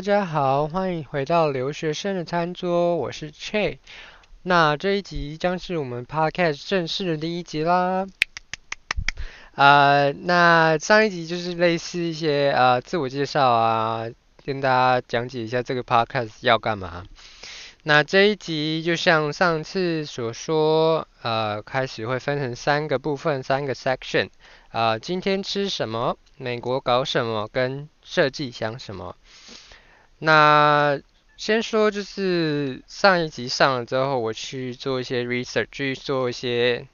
大家好，歡迎回到留學生的餐桌，我是 Chey。那這一集將是我們 Podcast 正式的第一集啦。啊、呃，那上一集就是類似一些啊、呃、自我介紹啊，跟大家講解一下這個 Podcast 要幹嘛。那這一集就像上次所說，呃，開始會分成三個部分，三個 section。啊、呃，今天吃什麼？美國搞什麼？跟設計想什麼？那先說，就是上一集上了之後，我去做一些 research，去做一些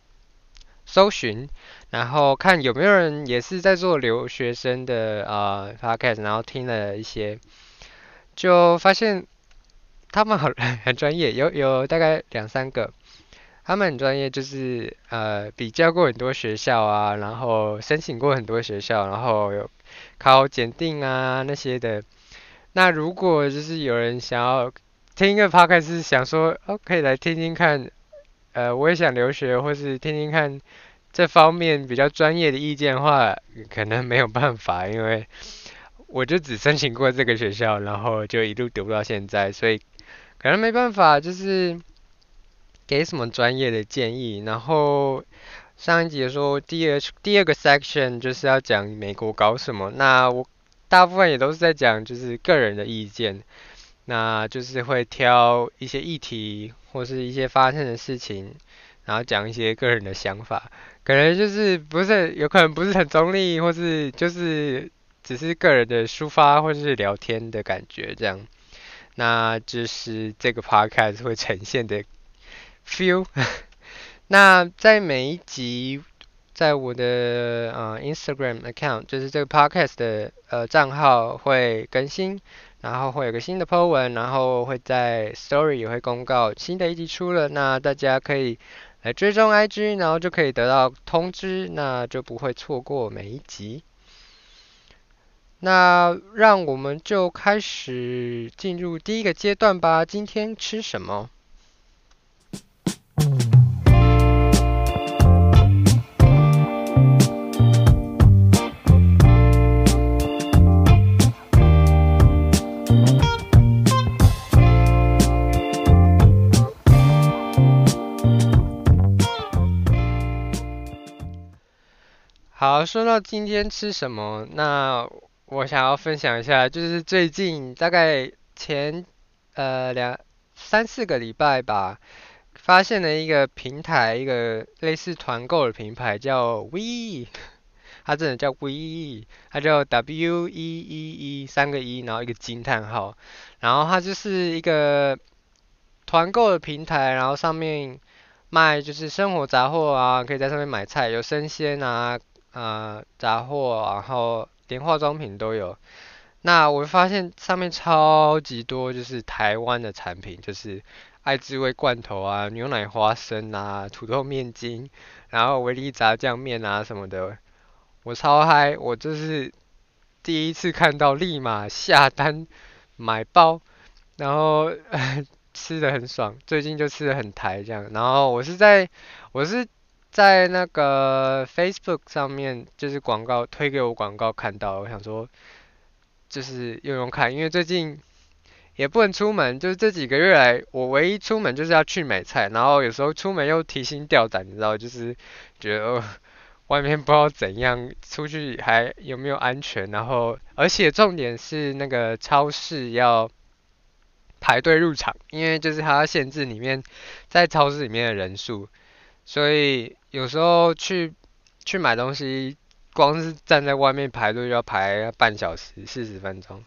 搜尋，然後看有沒有人也是在做留學生的呃 podcast，然後聽了一些，就發現他們很很專業，有有大概兩三個，他們很專業，就是呃比較過很多學校啊，然後申請過很多學校，然後有考檢定啊那些的。那如果就是有人想要聽一個 podcast，想說 OK 來聽聽看，呃，我也想留學，或是聽聽看這方面比較專業的意見的話，可能沒有辦法，因為我就只申請過這個學校，然後就一路讀到現在，所以可能沒辦法就是給什麼專業的建議。然後上一集說第二第二個 section 就是要講美國搞什麼，那我。大部分也都是在講，就是個人的意見，那就是會挑一些議題或是一些發生的事情，然後講一些個人的想法，可能就是不是有可能不是很中立，或是就是只是個人的抒發或是聊天的感覺這樣，那就是這個 podcast 會呈現的 feel。 那在每一集。在我的呃 Instagram account，就是這個 podcast 的呃賬號會更新，然後會有個新的 Po 文，然後會在 Story 也會公告新的一集出了，那大家可以來追蹤 IG，然後就可以得到通知，那就不會錯過每一集。那讓我們就開始進入第一個階段吧，今天吃什麼？好，說到今天吃什麼，那我想要分享一下，就是最近大概前呃兩三四個禮拜吧，發現了一個平台，一個類似團購的平台，叫 Wee，它真的叫 Wee，它叫 W E E E 三個 E，然後一個驚嘆號，然後它就是一個團購的平台，然後上面賣就是生活雜貨啊，可以在上面買菜，有生鮮啊。呃、嗯，雜貨，然後連化妝品都有。那我發現上面超級多，就是台灣的產品，就是愛之味罐頭啊、牛奶花生啊、土豆麵筋，然後維力炸醬麵啊什麼的，我超嗨，我就是第一次看到，立馬下單買包，然後呵呵吃得很爽。最近就吃得很台，這樣。然後我是在，我是。在那個 Facebook 上面，就是廣告推給我廣告看到，我想說就是用用看，因為最近也不能出門，就是這幾個月來，我唯一出門就是要去買菜，然後有時候出門又提心吊膽，你知道，就是覺得、呃、外面不知道怎樣出去還有沒有安全，然後而且重點是那個超市要排隊入場，因為就是它要限制裡面在超市裡面的人數，所以。有時候去去買東西，光是站在外面排隊就要排半小時四十分鐘，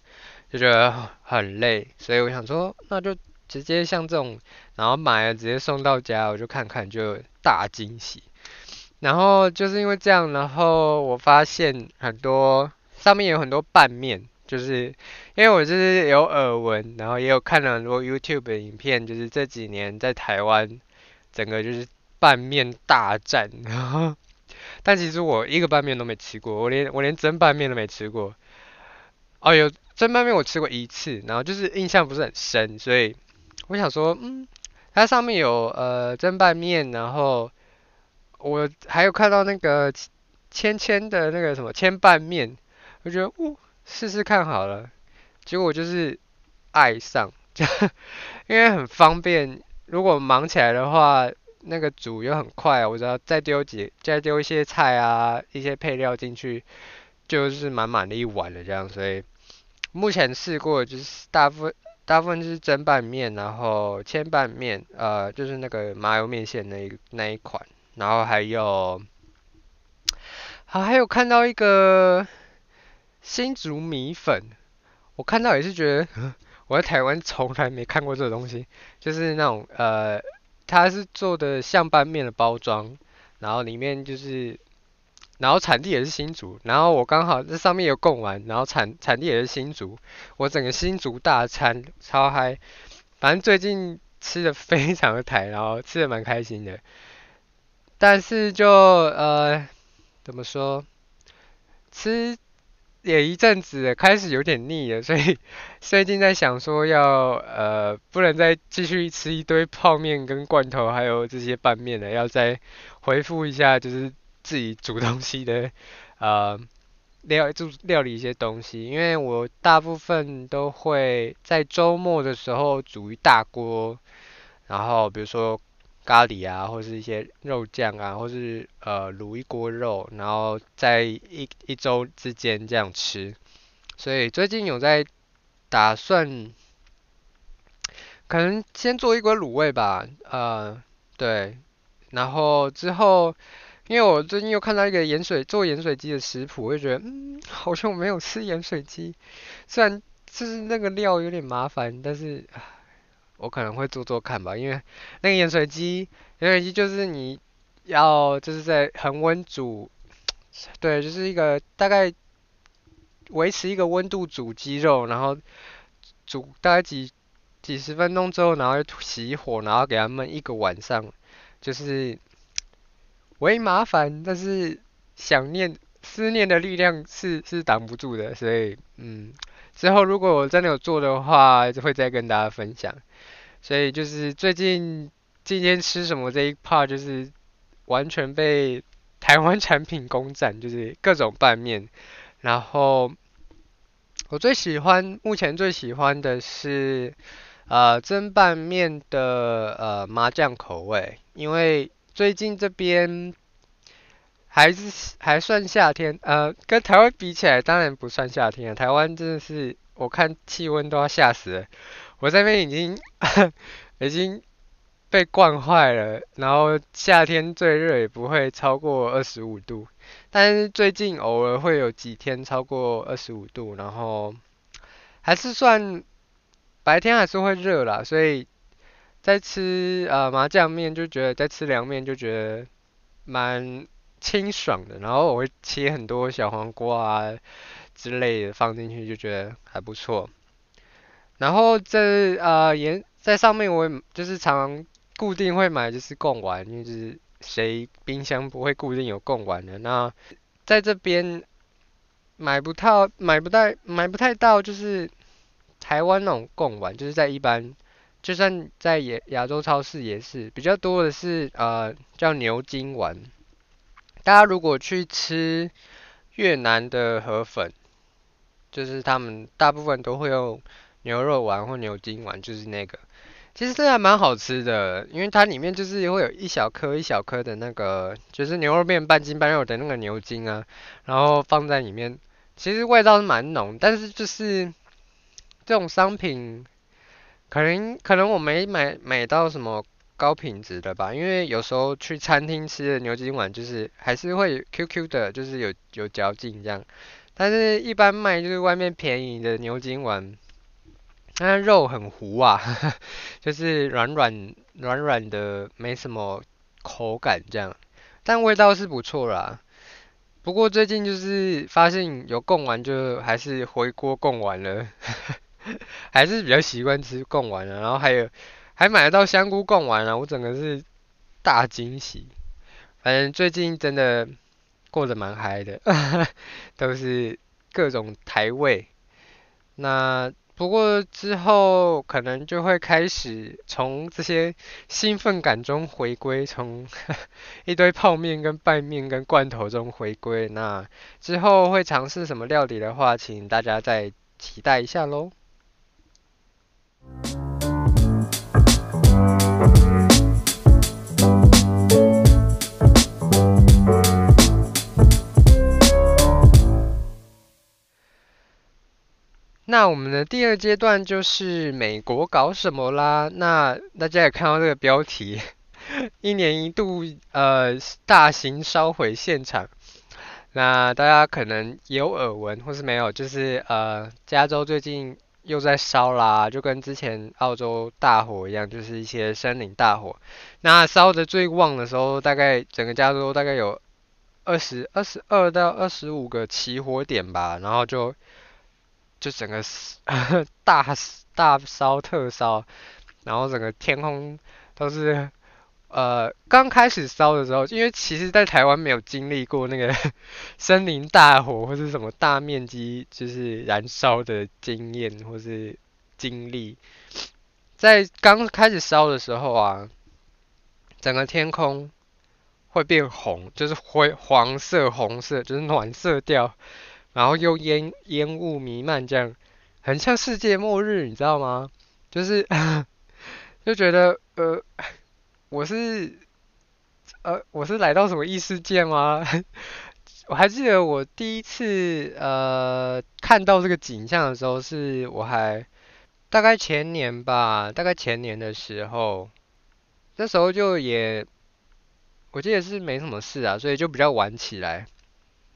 就覺得很累。所以我想說，那就直接像這種，然後買了直接送到家，我就看看就大驚喜。然後就是因為這樣，然後我發現很多上面有很多拌麵，就是因為我就是有耳聞，然後也有看了很多 YouTube 的影片，就是這幾年在台灣整個就是。拌麵大戰，然後，但其實我一個拌麵都沒吃過，我連我連蒸拌麵都沒吃過。哦，有蒸拌麵我吃過一次，然後就是印象不是很深，所以我想說，嗯，它上面有呃蒸拌麵，然後我還有看到那個千千的那個什麼千拌麵，我覺得嗚、哦、試試看好了，結果就是愛上， 因為很方便，如果忙起來的話。那個煮又很快，啊，我知道再丟幾再丟一些菜啊，一些配料進去，就是滿滿的一碗了這樣。所以目前試過就是大部分大部分就是蒸拌麵，然後千拌麵，呃，就是那個麻油麵線那一那一款，然後還有好、啊、還有看到一個新竹米粉，我看到也是覺得我在台灣從來沒看過這個東西，就是那種呃。它是做的像拌麵的包裝，然後裡面就是，然後產地也是新竹，然後我剛好這上面有貢丸，然後產產地也是新竹，我整個新竹大餐超嗨，反正最近吃的非常的台，然後吃的蠻開心的，但是就呃怎麼說，吃。也一陣子開始有點膩了，所以最近在想說要呃，不能再繼續吃一堆泡麵跟罐頭，還有這些拌麵了，要再恢復一下，就是自己煮東西的，呃，料就料理一些東西，因為我大部分都會在周末的時候煮一大鍋，然後比如說。咖喱啊，或者是一些肉醬啊，或是呃滷一鍋肉，然後在一一週之間這樣吃。所以最近有在打算，可能先做一鍋滷味吧，呃，對。然後之後，因為我最近又看到一個鹽水做鹽水雞的食譜，我就覺得嗯，好像我沒有吃鹽水雞。雖然就是那個料有點麻煩，但是。我可能會做做看吧，因為那個鹽水雞，鹽水雞就是你要就是在恆溫煮，對，就是一個大概維持一個溫度煮雞肉，然後煮大概幾幾十分鐘之後，然後熄火，然後給它燜一個晚上，就是唯一麻煩，但是想念思念的力量是是擋不住的，所以嗯，之後如果我真的有做的話，就會再跟大家分享。所以就是最近今天吃什麼這一 part 就是完全被台灣產品攻占，就是各種拌麵。然後我最喜歡，目前最喜歡的是呃蒸拌麵的呃麻醬口味，因為最近這邊還是還算夏天，呃跟台灣比起來當然不算夏天啊，台灣真的是我看氣溫都要嚇死了。我這邊已經已經被慣壞了，然後夏天最熱也不會超過二十五度，但是最近偶爾會有幾天超過二十五度，然後還是算白天還是會熱啦，所以在吃呃麻醬麵就覺得，在吃涼麵就覺得蠻清爽的，然後我會切很多小黃瓜啊之類的放進去，就覺得還不錯。然後這啊、呃、也在上面，我也就是常常固定會買，就是貢丸，就是誰冰箱不會固定有貢丸的。那在這邊買不到，買不到，買不太到，就是台灣那種貢丸，就是在一般，就算在亞亞洲超市也是比較多的是啊、呃，叫牛筋丸。大家如果去吃越南的河粉，就是他們大部分都會用。牛肉丸或牛筋丸就是那個，其實這還蠻好吃的，因為它裡面就是會有一小顆一小顆的那個，就是牛肉面半筋半肉的那個牛筋啊，然後放在裡面，其實味道是蠻濃，但是就是這種商品，可能可能我沒買買到什麼高品質的吧，因為有時候去餐廳吃的牛筋丸就是還是會 QQ 的，就是有有嚼勁這樣，但是一般賣就是外面便宜的牛筋丸。那肉很糊啊， 就是軟軟軟軟的，沒什麼口感這樣，但味道是不錯啦。不過最近就是發現有貢丸，就還是回鍋貢丸了， 還是比較習慣吃貢丸了、啊。然後還有還買得到香菇貢丸了、啊，我整個是大驚喜。反正最近真的過得蠻嗨的， 都是各種台味那。不過之後可能就會開始從這些興奮感中回歸，從一堆泡麵、跟拌麵、跟罐頭中回歸。那之後會嘗試什麼料理的話，請大家再期待一下嘍。那我們的第二階段就是美國搞什麼啦？那大家也看到這個標題， 一年一度呃大型燒毀現場。那大家可能也有耳聞或是沒有，就是呃加州最近又在燒啦，就跟之前澳洲大火一樣，就是一些森林大火。那燒得最旺的時候，大概整個加州大概有二十、二十二到二十五個起火點吧，然後就。就整個大大燒特燒，然後整個天空都是呃，剛開始燒的時候，因為其實在台灣沒有經歷過那個森林大火或是什麼大面積就是燃燒的經驗或是經歷，在剛開始燒的時候啊，整個天空會變紅，就是灰黃色、紅色，就是暖色調。然後又煙煙霧瀰漫，這樣很像世界末日，你知道嗎？就是 就覺得呃，我是呃我是來到什麼異世界嗎？ 我還記得我第一次呃看到這個景象的時候，是我還大概前年吧，大概前年的時候，那時候就也我記得是沒什麼事啊，所以就比較晚起來。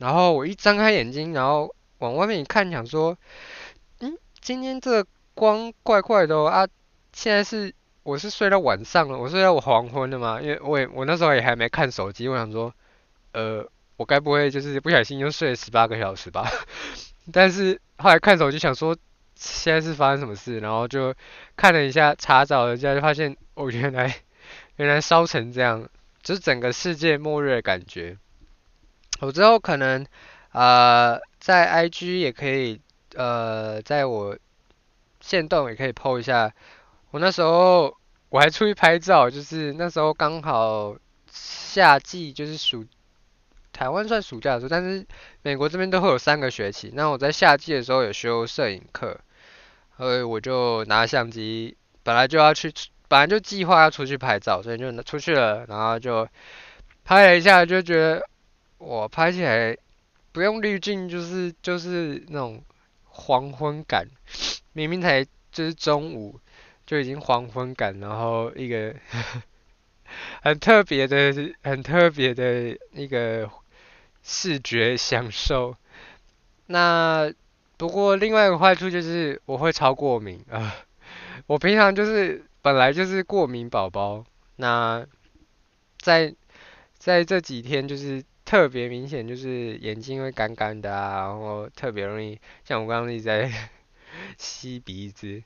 然後我一睜開眼睛，然後往外面一看，想說，嗯，今天這光怪怪的、哦、啊！現在是我是睡到晚上了，我睡到我黃昏的嘛，因為我也我那時候也還沒看手機，我想說，呃，我該不會就是不小心又睡了十八個小時吧？但是後來看手機想說，現在是發生什麼事？然後就看了一下，查找了一下，就發現，哦，原來原來燒成這樣，就是整個世界末日的感覺。我之後可能，呃，在 IG 也可以，呃，在我限動也可以 PO 一下。我那時候我還出去拍照，就是那時候剛好夏季，就是暑台灣算暑假的時候，但是美國這邊都會有三個學期。那我在夏季的時候有修攝影課，所以我就拿相機，本來就要去，本來就計劃要出去拍照，所以就出去了，然後就拍了一下，就覺得。我拍起來不用濾鏡，就是就是那種黃昏感，明明才就是中午就已經黃昏感，然後一個很特別的、很特別的一個視覺享受。那不過另外一個壞處就是我會超過敏啊、呃！我平常就是本來就是過敏寶寶，那在在這幾天就是。特別明顯就是眼睛會乾乾的啊，然後特別容易像我剛剛一直在 吸鼻子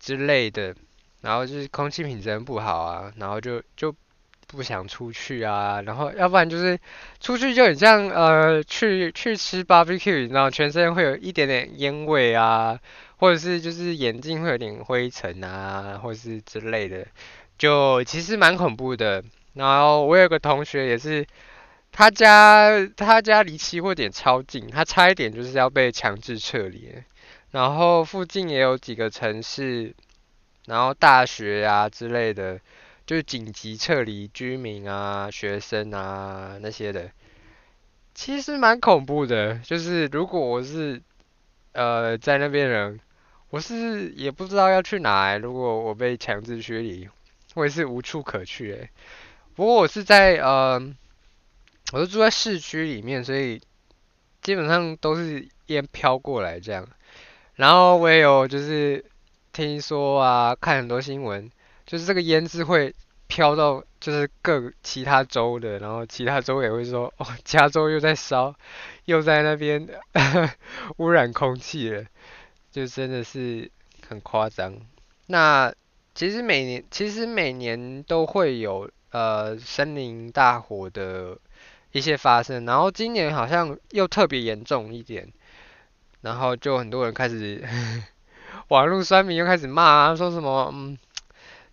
之類的，然後就是空氣品質不好啊，然後就就不想出去啊，然後要不然就是出去就很像呃去去吃 barbecue，然後全身會有一點點煙味啊，或者是就是眼睛會有點灰塵啊，或者是之類的，就其實蠻恐怖的。然後我有個同學也是。他家他家離起火點超近，他差一點就是要被強制撤離。然後附近也有幾個城市，然後大學啊之類的，就是緊急撤離居民啊、學生啊那些的，其實蠻恐怖的。就是如果我是呃在那邊人，我是也不知道要去哪。如果我被強制撤離，我也是無處可去哎。不過我是在呃。我是住在市區裡面，所以基本上都是煙飄過來這樣。然後我也有就是聽說啊，看很多新聞，就是這個煙是會飄到就是各其他州的，然後其他州也會說哦，加州又在燒，又在那邊 污染空氣了，就真的是很誇張。那其實每年，其實每年都會有呃森林大火的。一些發生，然後今年好像又特別嚴重一點，然後就很多人開始呵呵網絡酸民又開始罵啊，說什麼嗯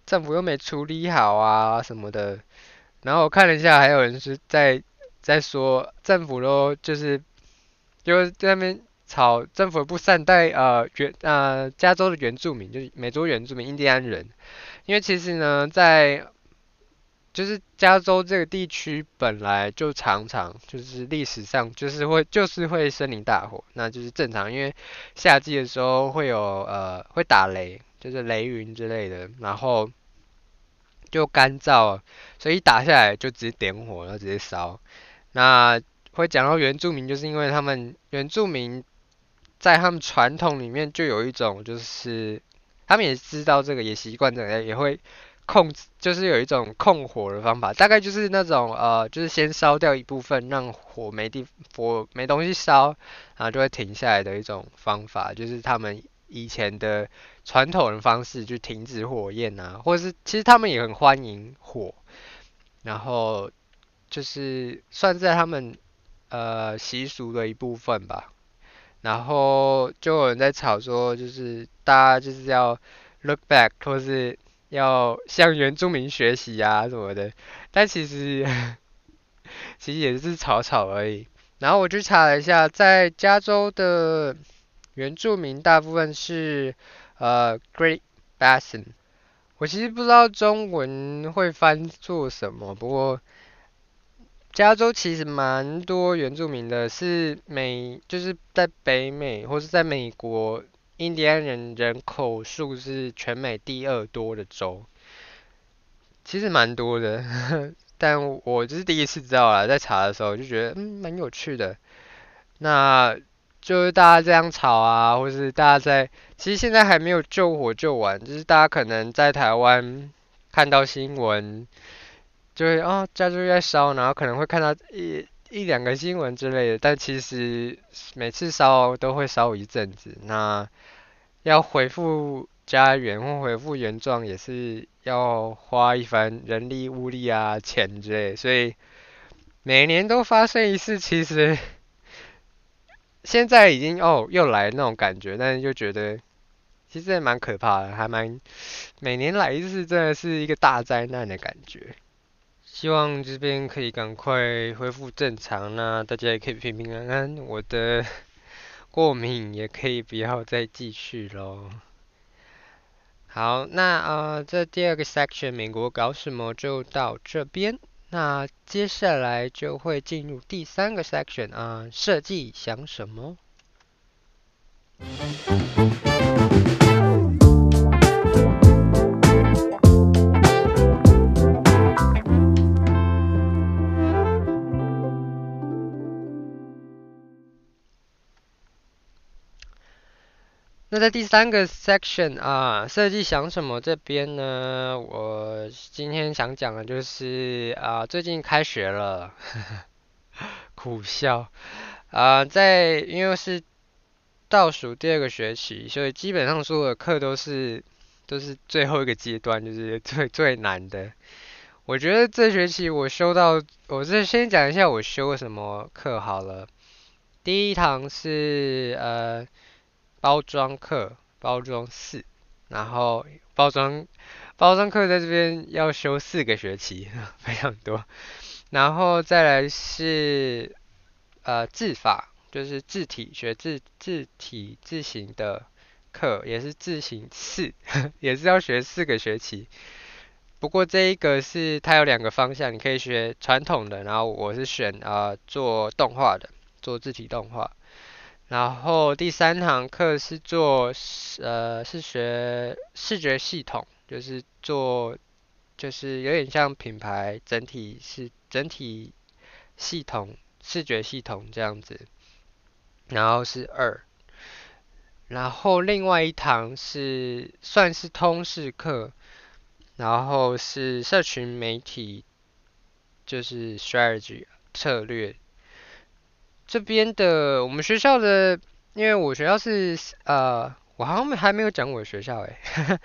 政府又沒處理好啊什麼的，然後我看了一下，還有人是在在說政府都就是就在那邊吵政府不善待呃原呃加州的原住民，就是美洲原住民印第安人，因為其實呢在就是加州這個地區本來就常常就是歷史上就是會就是會森林大火，那就是正常，因為夏季的時候會有呃會打雷，就是雷雲之類的，然後就乾燥，所以一打下來就直接點火，然後直接燒。那會講到原住民，就是因為他們原住民在他們傳統裡面就有一種，就是他們也知道這個，也習慣這樣，也會。控制就是有一種控火的方法，大概就是那種呃，就是先燒掉一部分，讓火沒地火沒東西燒，然後就會停下來的一種方法，就是他們以前的傳統的方式去停止火焰啊，或者是其實他們也很歡迎火，然後就是算在他們呃習俗的一部分吧。然後就有人在吵說，就是大家就是要 look back 或是。要向原住民學習啊什麼的，但其實其實也是吵吵而已。然後我去查了一下，在加州的原住民大部分是呃 Great Basin。我其實不知道中文會翻做什麼，不過加州其實蠻多原住民的，是美就是在北美或是在美國。印第安人人口數，是全美第二多的州，其實蠻多的。呵呵，但我就是第一次知道了，在查的時候就覺得嗯蠻有趣的。那就是大家這樣吵啊，或是大家在，其實現在還沒有救火救完，就是大家可能在台灣看到新聞，就會哦，加州在燒，然後可能會看到一，欸一兩個新聞之類的，但其實每次燒都會燒一陣子。那要恢復家園或恢復原狀，也是要花一番人力物力啊、錢之類的。所以每年都發生一次，其實現在已經哦又來那種感覺，但是又覺得其實也蠻可怕的，還蠻每年來一次，真的是一個大災難的感覺。希望這邊可以趕快恢復正常啦，那大家也可以平平安安，我的過敏也可以不要再繼續嘍。好，那啊、呃，這第二個 section 美國搞什麼就到這邊，那接下來就會進入第三個 section 啊、呃，設計想什麼。嗯嗯嗯嗯嗯嗯嗯。那在第三個 section 啊，設計想什麼這邊呢？我今天想講的，就是啊，最近開學了，呵呵苦笑啊，在因為是倒數第二個學期，所以基本上所有的課都是都是，就是最後一個階段，就是最最難的。我覺得這學期我修到，我是先講一下我修了什麼課好了。第一堂是呃。包裝課，包裝四，然後包裝包裝課在這邊要修四個學期，非常多。然後再來是呃字法，就是字體學字字體字型的課，也是字型四，也是要學四個學期。不過這一個是它有兩個方向，你可以學傳統的，然後我是選啊、呃、做動畫的，做字體動畫。然後第三堂課是做視呃是學視覺系統，就是做就是有點像品牌整體是整體系統視覺系統這樣子。然後是二，然後另外一堂是算是通識課，然後是社群媒體就是 strategy 策略。這邊的我們學校的，因為我學校是呃，我好像還沒有講我學校誒、欸，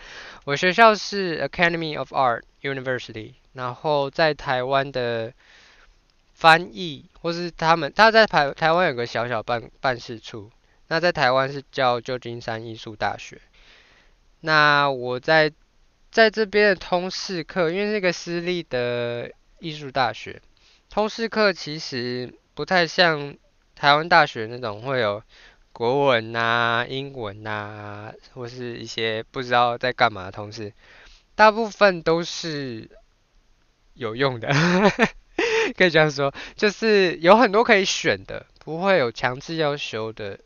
我學校是 Academy of Art University，然後在台灣的翻譯或是他們，他在台台灣有個小小辦辦事處，那在台灣是叫舊金山藝術大學。那我在在這邊的通識課，因為是個私立的藝術大學，通識課其實不太像。台灣大學那種會有國文吶、啊、英文吶、啊，或是一些不知道在幹嘛的通識，大部分都是有用的， 可以這樣說，就是有很多可以選的，不會有強制要修的，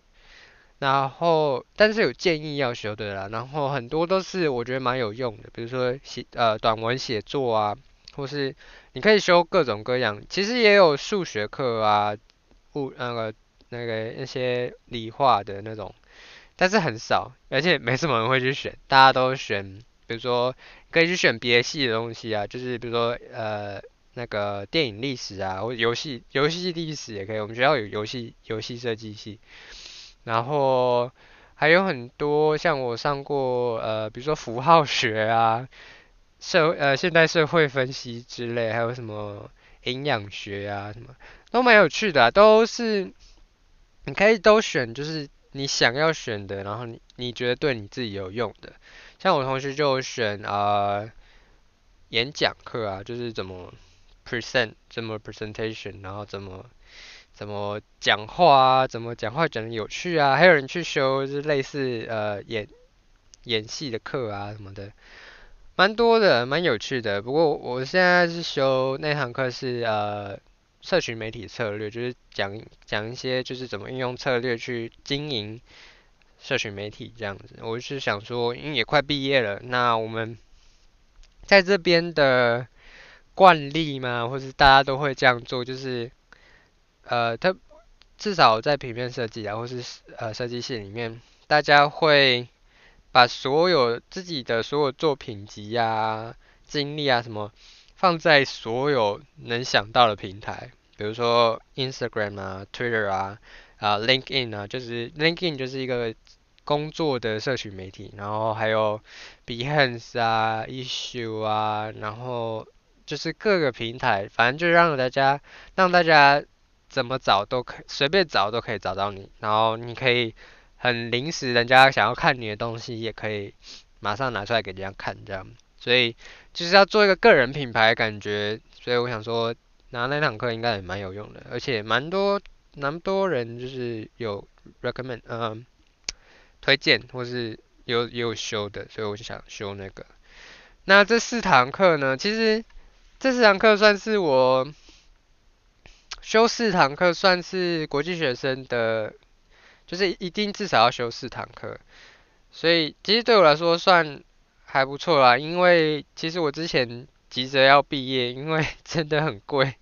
然後但是有建議要修的啦，然後很多都是我覺得蠻有用的，比如說寫呃短文寫作啊，或是你可以修各種各樣，其實也有數學課啊。不、那個，那個那個那些理化的那種，但是很少，而且沒什麼人會去選，大家都選，比如說可以去選別系的東西啊，就是比如說呃那個電影歷史啊，或遊戲遊戲歷史也可以，我們學校有遊戲遊戲設計系，然後還有很多像我上過呃比如說符號學啊社，呃現代社會分析之類，還有什麼。營養學啊，什麼都蠻有趣的、啊，都是你可以都選，就是你想要選的，然後你你覺得對你自己有用的。像我同學就選、呃、演啊演講課啊，就是怎麼 present，怎麼 presentation，然後怎麼怎麼講話啊，怎麼講話講得有趣啊，還有人去修就是類似呃演演戲的課啊什麼的。蠻多的，蠻有趣的。不過我現在是修那堂課是呃，社群媒體策略，就是講講一些就是怎麼應用策略去經營社群媒體這樣子。我是想說，因、嗯、為也快畢業了，那我們在這邊的慣例嘛，或是大家都會這樣做，就是呃，他至少在平面設計啊，或是呃設計系裡面，大家會。把所有自己的所有作品集啊、經歷啊什麼，放在所有能想到的平台，比如說 Instagram 啊、Twitter 啊、啊、呃、LinkedIn 啊，就是 LinkedIn 就是一個工作的社群媒體，然後還有 Behance 啊、Issue 啊，然後就是各個平台，反正就讓大家讓大家怎麼找都可以，隨便找都可以找到你，然後你可以。.很臨時，人家想要看你的東西，也可以馬上拿出來給人家看，這樣。所以就是要做一個個人品牌的感覺。所以我想說，拿那堂課應該也蠻有用的，而且蠻多蠻多人就是有 recommend 嗯、呃、推薦或是有也有修的，所以我就想修那個。那這四堂課呢？其實這四堂課算是我修四堂課，算是國際學生的。就是一定至少要修四堂課，所以其實對我來說算還不錯啦。因為其實我之前急着要畢業，因為真的很貴，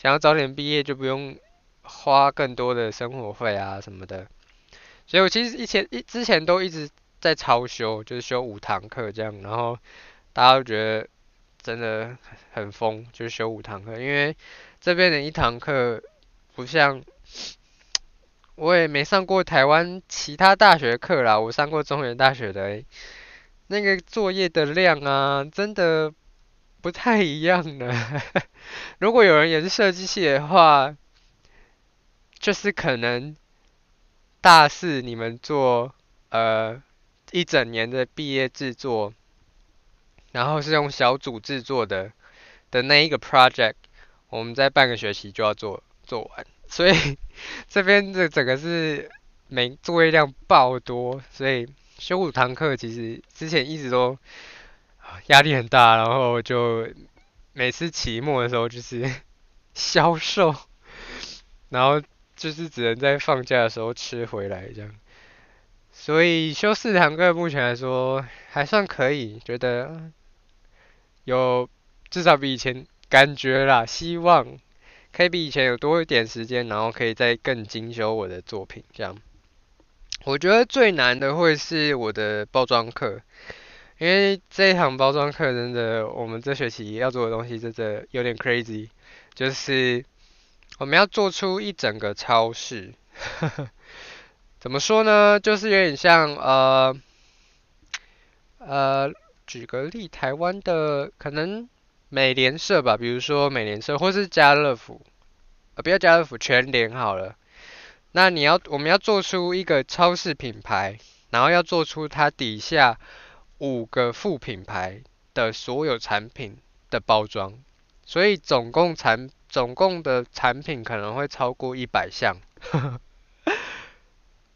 想要早點畢業就不用花更多的生活費啊什麼的。所以我其實以前一之前都一直在超修，就是修五堂課這樣。然後大家都覺得真的很瘋，就是修五堂課，因為這邊的一堂課不像。我也沒上過台灣其他大學課啦，我上過中原大學的，哎，那個作業的量啊，真的不太一樣呢。 如果有人也是設計系的話，就是可能大四你們做呃一整年的畢業製作，然後是用小組製作的的那一個 project，我們在半個學期就要做做完。所以這邊這整個是每作業量爆多，所以修五堂課其實之前一直都壓力很大，然後就每次期末的時候就是消瘦，然後就是只能在放假的時候吃回來這樣。所以修四堂課目前來說還算可以，覺得有至少比以前感覺啦，希望。可以比以前有多一點時間，然後可以再更精修我的作品。這樣，我覺得最難的會是我的包裝課，因為這一堂包裝課真的，我們這學期要做的東西真的有點 crazy，就是我們要做出一整個超市。呵呵，怎麼說呢？就是有點像呃呃，舉個例，台灣的可能。美廉社吧，比如說美廉社，或是家樂福，呃、啊，不要家樂福，全聯好了。那你要，我們要做出一個超市品牌，然後要做出它底下五個副品牌的所有產品的包裝，所以總共產，總共的產品可能會超過一百項，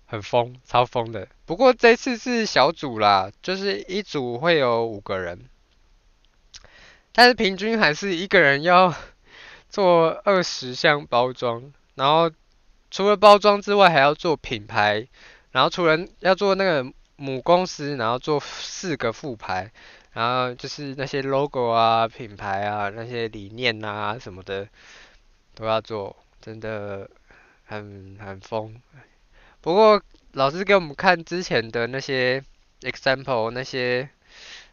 很瘋，超瘋的。不過這次是小組啦，就是一組會有五個人。但是平均還是一個人要做二十項包裝，然後除了包裝之外還要做品牌，然後除了要做那個母公司，然後做四個副牌，然後就是那些 logo 啊、品牌啊、那些理念啊什麼的都要做，真的很很瘋。不過老師給我們看之前的那些 example，那些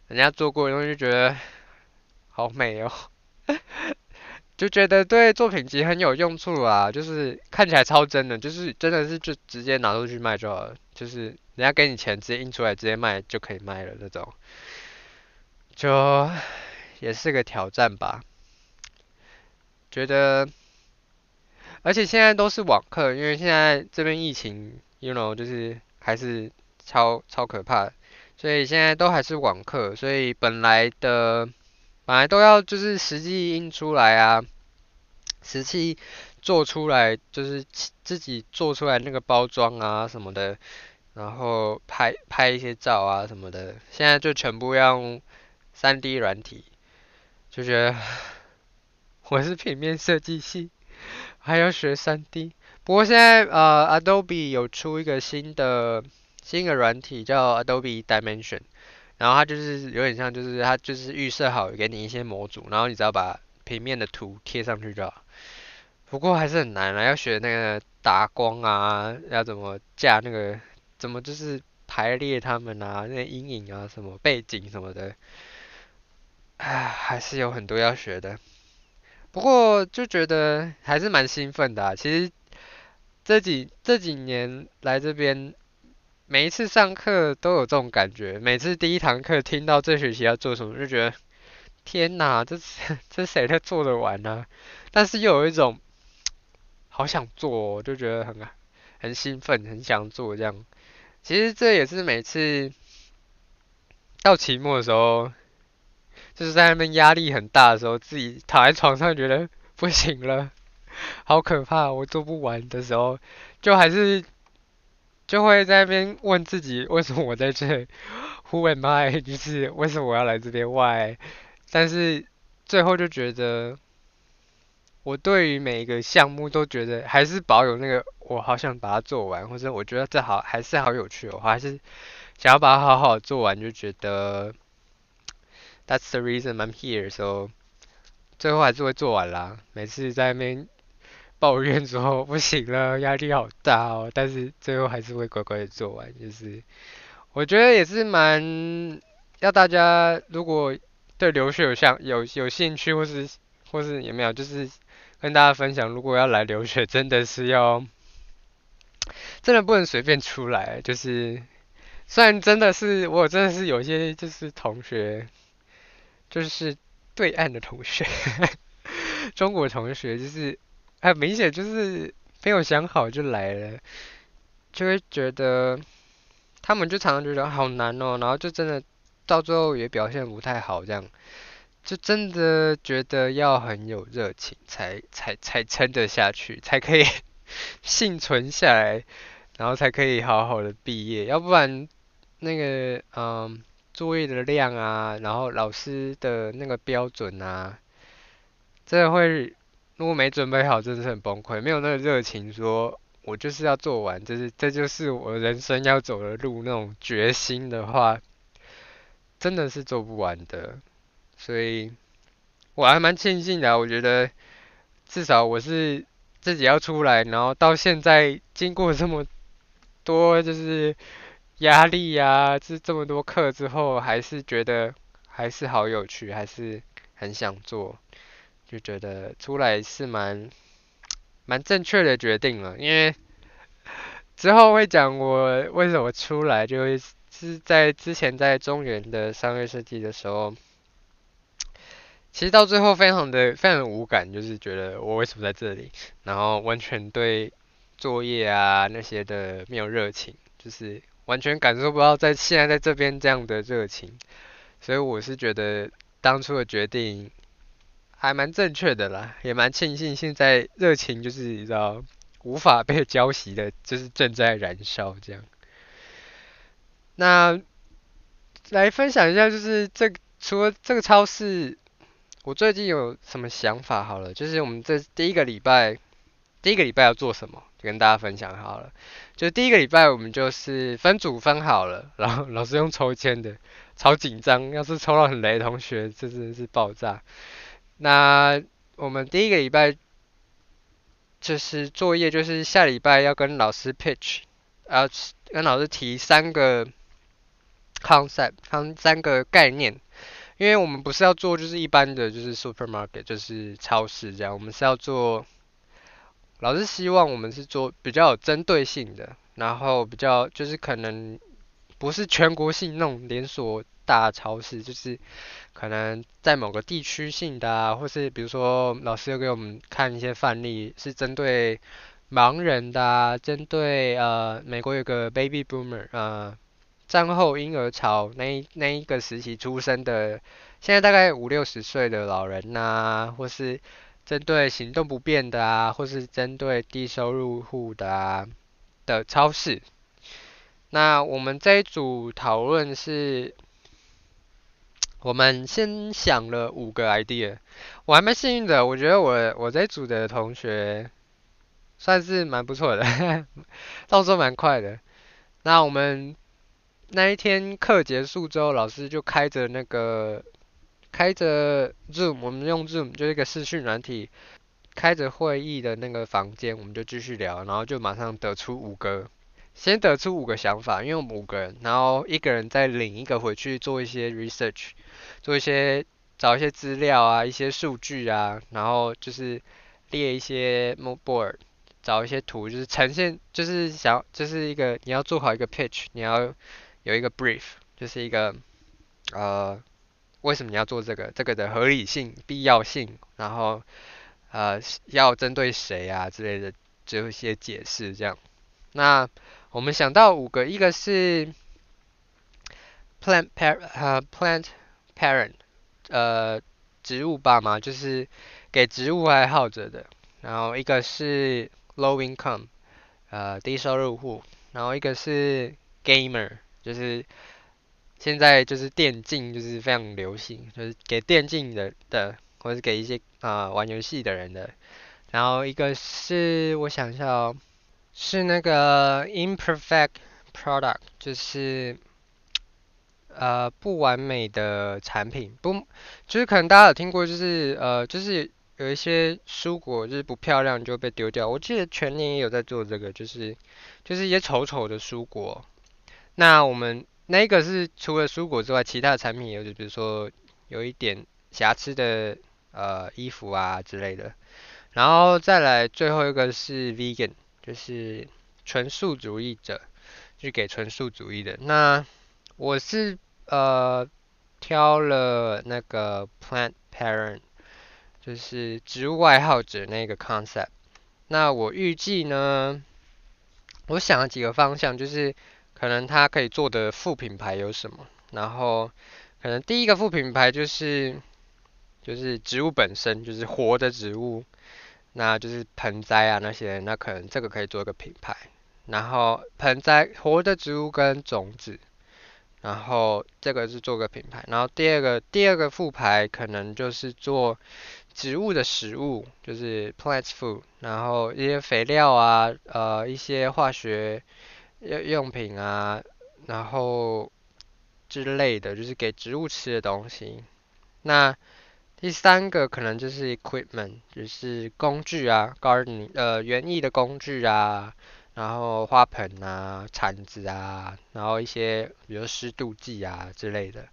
人家做過的東西，就覺得。好美哦、喔， 就覺得對作品集很有用處啊，就是看起來超真的，就是真的是就直接拿出去賣就好了，就是人家給你錢，直接印出來直接賣就可以賣了那種，就也是個挑戰吧。覺得，而且現在都是網課，因為現在這邊疫情，you know，就是還是超超可怕，所以現在都還是網課，所以本來的。本來都要就是實際印出來啊，實際做出來就是自己做出來那個包裝啊什麼的，然後拍拍一些照啊什麼的，現在就全部要用三 D 軟體，就覺得我是平面設計系還要學三 D，不過現在呃 Adobe 有出一個新的新的軟體叫 Adobe Dimension。然後它就是有點像，就是它就是預設好給你一些模組，然後你只要把平面的圖貼上去就好。不過還是很難啊，要學那個打光啊，要怎麼架那個，怎麼就是排列他們啊，那個陰影啊，什麼背景什麼的，唉，還是有很多要學的。不過就覺得還是蠻興奮的啊。其實這幾這幾年來這邊。每一次上課都有這種感覺，每次第一堂課聽到這學期要做什麼，就覺得天哪，這是這誰在做得完呢、啊？但是又有一種好想做、哦，就覺得很很興奮，很想做這樣。其實這也是每次到期末的時候，就是在那邊壓力很大的時候，自己躺在床上覺得不行了，好可怕，我做不完的時候，就還是。就會在那邊問自己，為什麼我在這？Who am I？就是為什麼我要來這邊？Why？但是最後就覺得，我對於每一個項目都覺得還是保有那個，我好想把它做完，或者我覺得這好還是好有趣的話，還是想要把它好好做完，就覺得 That's the reason I'm here。所以最後還是會做完啦。每次在那邊。抱怨之後不行了，壓力好大哦。但是最後還是會乖乖的做完，就是我覺得也是蠻要大家，如果對留學有像，有有興趣，或是或是有沒有，就是跟大家分享，如果要來留學，真的是要真的不能隨便出來。就是雖然真的是我真的是有些就是同學，就是對岸的同學， 中國同學就是。很明顯就是沒有想好就來了，就會覺得他們就常常覺得好難哦、喔，然後就真的到最後也表現不太好，這樣就真的覺得要很有熱情才才才撐得下去，才可以 倖存下來，然後才可以好好的畢業，要不然那個嗯、呃、作業的量啊，然後老師的那個標準啊，真的會。如果沒準備好，真的是很崩潰。沒有那個熱情說，我就是要做完，就是這就是我人生要走的路那種決心的話，真的是做不完的。所以我還蠻慶幸的啊，我覺得至少我是自己要出來，然後到現在經過這麼多就是壓力啊，這這麼多課之後，還是覺得還是好有趣，還是很想做。就覺得出來是蠻蠻正確的決定了，因為之後會講我為什麼出來，就是在之前在中原的商業設計的時候，其實到最後非常的非常無感，就是覺得我為什麼在這裡，然後完全對作業啊那些的沒有熱情，就是完全感受不到在現在在這邊這樣的熱情，所以我是覺得當初的決定還蠻正確的啦，也蠻慶幸現在熱情就是你知道無法被澆熄的，就是正在燃燒這樣。那來分享一下，就是這除了這個超市，我最近有什麼想法好了，就是我們這第一個禮拜，第一個禮拜要做什麼，就跟大家分享好了。就第一個禮拜我們就是分組分好了，然後老師用抽籤的，超緊張，要是抽到很雷同學，這真的是爆炸。那我們第一個禮拜就是作業，就是下禮拜要跟老師 pitch，要、啊、跟老師提三個 concept，三三個概念。因為我們不是要做就是一般的就是 supermarket，就是超市這樣，我們是要做。老師希望我們是做比較有針對性的，然後比較就是可能不是全國性那種連鎖。大超市就是可能在某個地區性的，啊，或是比如說老師又給我們看一些範例，是針對盲人的，啊，針對呃美國有個 baby boomer，啊、呃，戰後嬰兒潮那那一個時期出生的，現在大概五六十歲的老人吶、啊，或是針對行動不便的啊，或是針對低收入戶的啊的超市。那我們這一組討論是。我們先想了五個 idea，我還蠻幸運的。我覺得我我這組的同學算是蠻不錯的，動作蠻快的。那我們那一天課結束之後，老師就開着那個開着 Zoom，我們用 Zoom 就是一個視訊軟體，開着會議的那個房間，我們就繼續聊，然後就馬上得出五個。先得出五個想法，因為我們五個人，然後一個人再領一個回去做一些 research，做一些找一些資料啊、一些數據啊，然後就是列一些 mood board，找一些圖，就是呈現，就是想，就是一個你要做好一個 pitch，你要有一個 brief，就是一個呃，為什麼你要做這個？這個的合理性、必要性，然後呃要針對誰啊之類的，就一些解釋這樣。那我們想到五個，一個是 plant par 呃、uh, plant parent 呃植物爸媽，就是給植物愛好者的；然後一個是 low income 呃低收入戶；然後一個是 gamer 就是現在就是電競就是非常流行，就是給電競人的、的，或是給一些啊、呃、玩遊戲的人的；然後一個是我想一下、哦。是那個 imperfect product，就是呃不完美的產品，不就是可能大家有聽過，就是呃就是有一些蔬果就是不漂亮就被丟掉。我記得全年也有在做這個，就是就是一些醜丑的蔬果。那我們那個是除了蔬果之外，其他的產品也有就比如說有一點瑕疵的呃衣服啊之類的。然後再來最後一個是 vegan。就是純素主義者，就給純素主義的那。我是呃挑了那個 plant parent，就是植物外號者那個 concept。那我預計呢，我想了幾個方向，就是可能他可以做的副品牌有什麼，然後可能第一個副品牌就是就是植物本身，就是活的植物。那就是盆栽啊那些，那可能這個可以做個品牌。然後盆栽、活的植物跟種子，然後這個是做個品牌。然後第二個第二個副牌可能就是做植物的食物，就是 plant food。然後一些肥料啊，呃一些化學用用品啊，然後之類的就是給植物吃的東西。那第三個可能就是 equipment，就是工具啊，gardening 呃，園藝的工具啊，然後花盆啊、鏟子啊，然後一些比如濕度計啊之類的。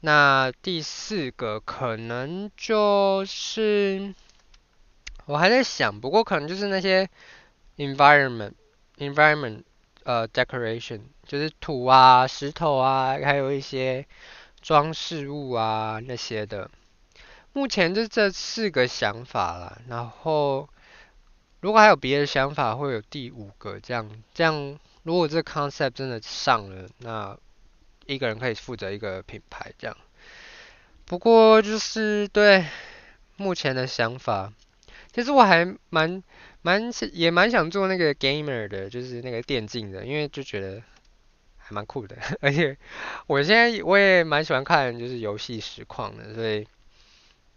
那第四個可能就是我還在想，不過可能就是那些 environment，environment 呃、uh, decoration，就是土啊、石頭啊，還有一些裝飾物啊那些的。目前就這四個想法了，然後如果還有別的想法，會有第五個這樣。這樣如果這 concept 真的上了，那一個人可以負責一個品牌這樣。不過就是對目前的想法，其實我還蠻蠻也蠻想做那個 gamer 的，就是那個電競的，因為就覺得還蠻酷的，而且我現在我也蠻喜歡看就是遊戲實況的，所以。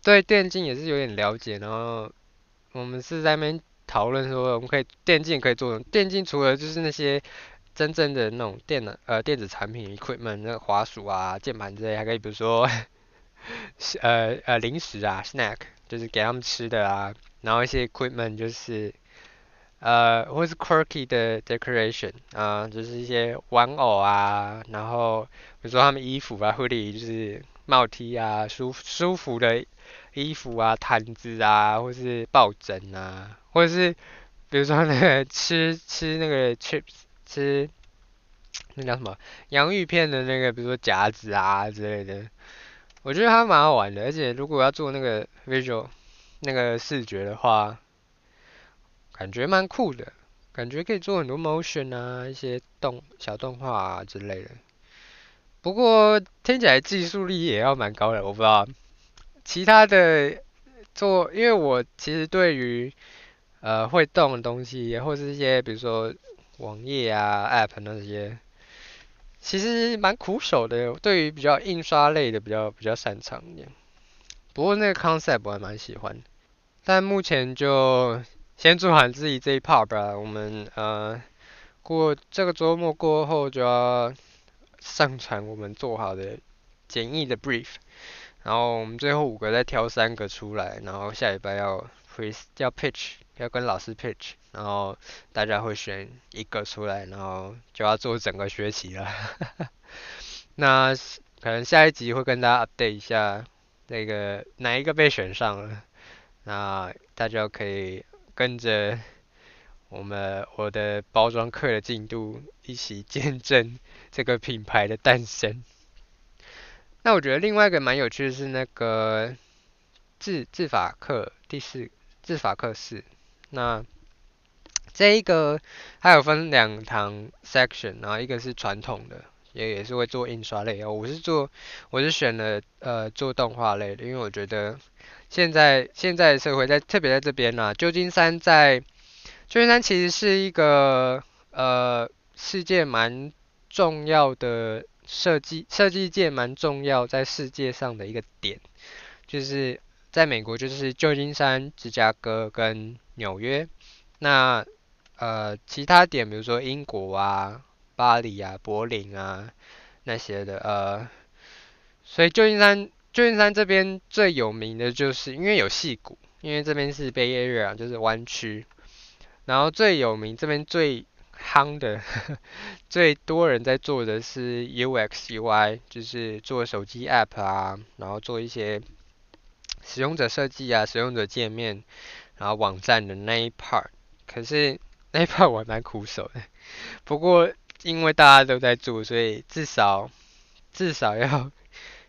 對電競也是有點了解，然後我們是在那邊討論說，我們可以電競可以做電競，除了就是那些真正的那種電腦呃電子產品 equipment，那個滑鼠啊、鍵盤之類，還可以比如說，呵呵呃呃零食啊 snack，就是給他們吃的啊，然後一些 equipment 就是呃或是 quirky 的 decoration 啊、呃，就是一些玩偶啊，然後比如說他們衣服啊，Hoodie 就是。帽 T 啊，舒服舒服的衣服啊，毯子啊，或是抱枕啊，或者是比如說那個吃吃那個 chips，吃那叫什麼洋芋片的那個，比如說夾子啊之類的，我覺得它蠻好玩的，而且如果要做那個 visual 那個視覺的話，感覺蠻酷的，感覺可以做很多 motion 啊，一些動小動畫啊之類的。不過聽起來技術力也要蠻高的，我不知道。其他的做，因為我其實對於呃會動的東西，或是一些比如說網頁啊、App 那些，其實蠻苦手的、欸。對於比較印刷類的比較比較擅長一點。不過那個 concept 我還蠻喜歡，但目前就先做好自己這一 part、吧。我們呃過這個週末過後就要。上傳我們做好的簡易的 brief，然後我們最後五個再挑三個出來，然後下禮拜要，要 pitch 要 pitch 要跟老師 pitch，然後大家會選一個出來，然後就要做整個學習了。 那可能下一集會跟大家 update 一下那個哪一個被選上了，那大家可以跟着。我們我的包裝課的進度，一起見證這個品牌的誕生。那我覺得另外一個蠻有趣的是那個制制法課第四制法課四，那這一個它有分兩堂 section，然後一個是傳統的，也也是會做印刷類哦、喔。我是做我是選了呃做動畫類的，因為我覺得現在現在社會在特別在這邊啊，舊金山在。舊金山其實是一個，呃，世界蠻重要的設計設計界蠻重要在世界上的一個點，就是在美國就是舊金山、芝加哥跟紐約，那呃其他點比如說英國啊、巴黎啊、柏林啊那些的，呃，所以舊金山舊金山這邊最有名的就是因為有矽谷，因為這邊是 Bay Area，就是灣區。然後最有名，這邊最夯的呵呵、最多人在做的是 UX/UI，就是做手機 App 啊，然後做一些使用者設計啊、使用者界面，然後網站的那一 part。可是那一 part 我蠻苦手的，不過因為大家都在做，所以至少至少要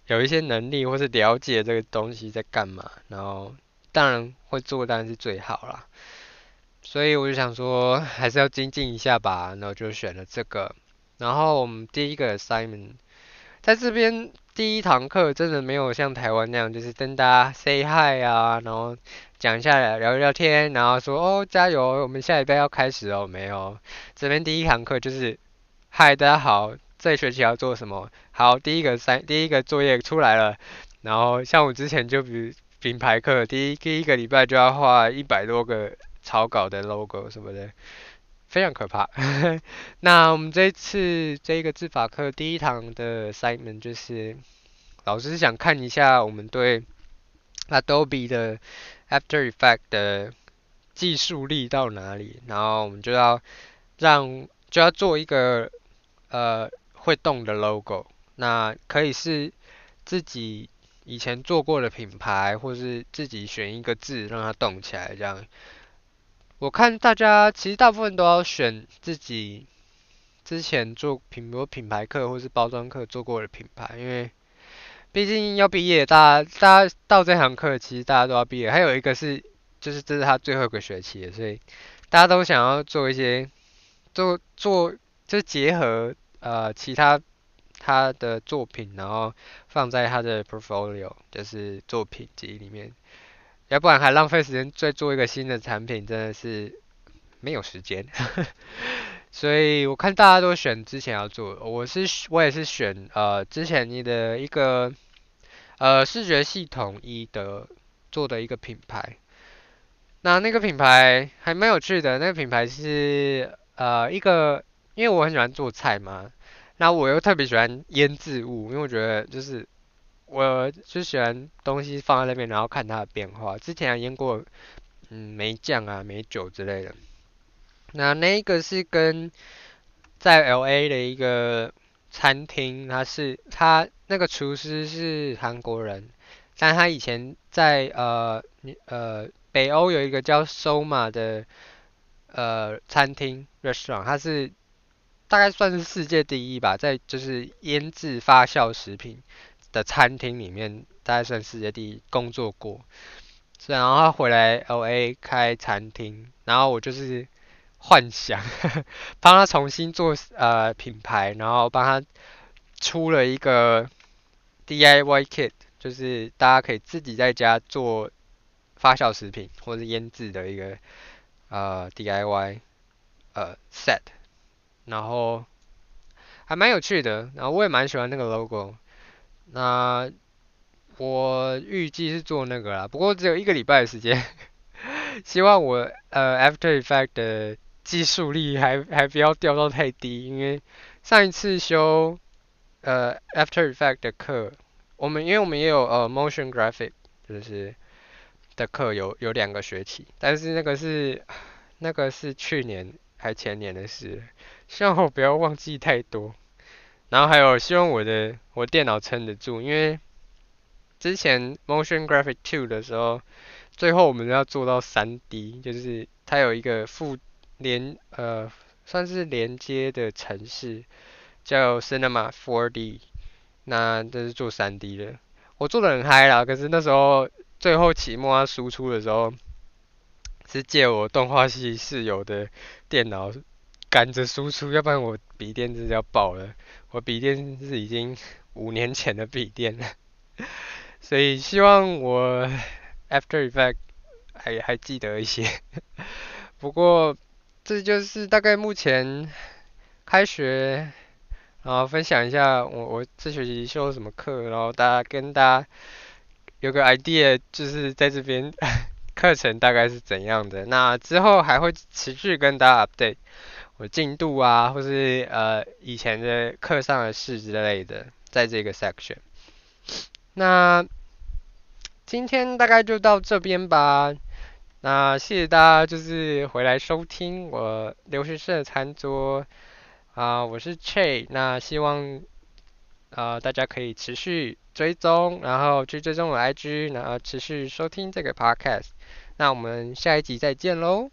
有一些能力或是了解這個東西在幹嘛。然後當然會做當然是最好啦。所以我就想說，還是要精進一下吧，然後就選了這個。然後我們第一個 assignment，在這邊第一堂課真的沒有像台灣那樣，就是跟大家 say hi 啊，然後講一下聊一聊天，然後說哦加油，我們下禮拜要開始哦，沒有。這邊第一堂課就是，嗨大家好，這學期要做什麼？好，第一個 assignment 第一個作業出來了，然後像我之前就比如品牌課，第一第一個禮拜就要畫一百多個。草稿的 logo 什麼的，非常可怕。 那我們這一次這個字法課第一堂的 assignment 就是，老師想看一下我們對 Adobe 的 After Effects 的技術力到哪裡，然後我們就要讓就要做一個呃會動的 logo，那可以是自己以前做過的品牌，或是自己選一個字讓它動起來，這樣。我看大家其實大部分都要選自己之前做品，比如品牌課或是包裝課做過的品牌，因為畢竟要畢業，大家大家到這堂課其實大家都要畢業。還有一個是，就是這是他最後一個學期，所以大家都想要做一些做做，就結合呃其他他的作品，然後放在他的 portfolio，就是作品集裡面。要不然還浪費時間再做一個新的產品，真的是沒有時間。 所以我看大家都選之前要做的，我是我也是選呃之前你的一個呃視覺系統一的做的一個品牌。那那個品牌還蠻有趣的，那個品牌是呃一個，因為我很喜歡做菜嘛，那我又特別喜歡醃漬物，因為我覺得就是。我最喜歡東西放在那邊，然後看它的變化。之前還、啊、醃過，嗯，梅醬啊、梅酒之類的。那那個是跟在 L.A. 的一個餐廳，他是他那個廚師是韓國人，但他以前在呃呃北歐有一個叫 Soma 的呃餐廳 （restaurant），它是大概算是世界第一吧，在就是醃製發酵食品。的餐廳裡面，大概算世界第一工作過，所以然後他回來 LA 開餐廳，然後我就是幻想幫他重新做呃品牌，然後幫他出了一個 D I Y kit，就是大家可以自己在家做發酵食品或者是醃製的一個呃 D I Y 呃 set，然後還蠻有趣的，然後我也蠻喜歡那個 logo。那、啊、我預計是做那個啦，不過只有一個禮拜的時間， 希望我呃 After Effects 的技術力還還不要掉到太低，因為上一次修呃 After Effects 的課，我們因為我們也有呃 Motion Graphic 就是的課有有兩個學期，但是那個是那個是去年還前年的事，希望我不要忘記太多。然後還有，希望我的我的電腦撐得住，因為之前 Motion Graphic Two 的時候，最後我們要做到三 D，就是它有一個附連呃，算是連接的程式叫 Cinema 4D，那就是做三 D 的，我做的很嗨啦，可是那時候最後期末他輸出的時候，是借我動畫系室友的電腦。趕着輸出，要不然我筆電是要爆了。我筆電是已經五年前的筆電了，所以希望我 After Effect 還還記得一些。 不過這就是大概目前開學，然後分享一下我我這學期修什麼課，然後大家跟大家有個 idea，就是在這邊課 程大概是怎樣的。那之後還會持續跟大家 update。我進度啊，或是呃以前的課上的事之類的，在這個 section。那今天大概就到這邊吧。那謝謝大家就是回來收聽我留學生的餐桌啊、呃，我是 Chey。那希望啊、呃、大家可以持續追蹤，然後去追蹤我 IG，然後持續收聽這個 podcast。那我們下一集再見嘍。